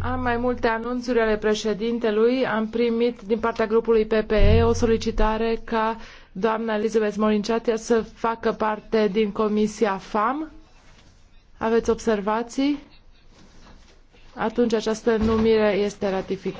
Am mai multe anunțuri ale preedintelui Am primit din partea grupului PPE o solicitare ca doamna Elizabeth Morinciatia să facă parte din Comisia FAM. Aveți observații? Atunci această numire este ratificată.